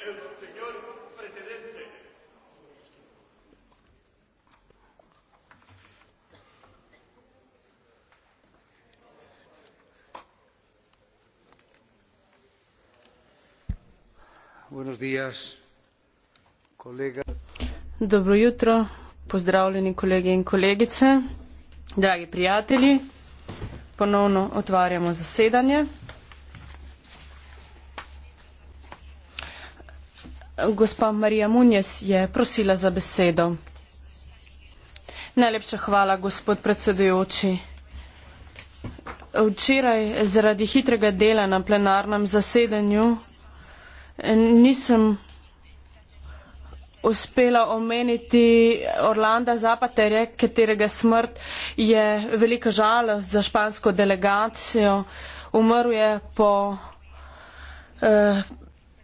el señor presidente. Buenos días, kolega. Dobro jutro, pozdravljeni kolegi in kolegice, dragi prijatelji. Ponovno otvarjamo zasedanje. Gospa Marija Munjes je prosila za besedo. Najlepša hvala, gospod predsedujoči. Včeraj zaradi hitrega dela na plenarnem zasedanju eh, nisem uspela omeniti Orlanda Zapaterje, katerega smrt je velika žalost za špansko delegacijo. Umrl je po eh,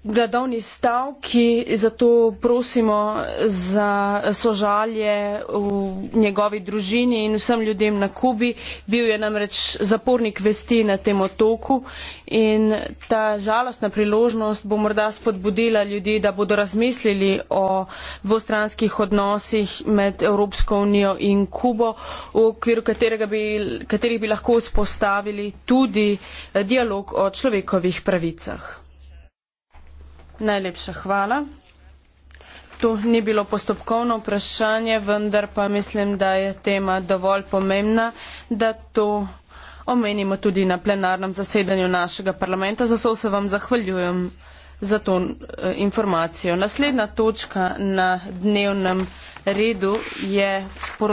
gladovni stavki, zato prosimo za sožalje v njegovi družini in vsem ljudem na Kubi. Bil je namreč zapornik vesti na tem otoku in ta žalostna priložnost bo morda spodbudila ljudi, da bodo razmislili o dvostranskih odnosih med Evropsko unijo in Kubo, v okviru bi, katerih bi lahko vzpostavili tudi eh, dialog o človekovih pravicah. Najlepša hvala. To ni bilo postopkovno vprašanje, vendar pa mislim, da je tema dovolj pomembna, da to omenimo tudi na plenarnem zasedanju našega parlamenta. Zato se vam zahvaljujem za to eh, informacijo. Naslednja točka na dnevnem redu je poročanje.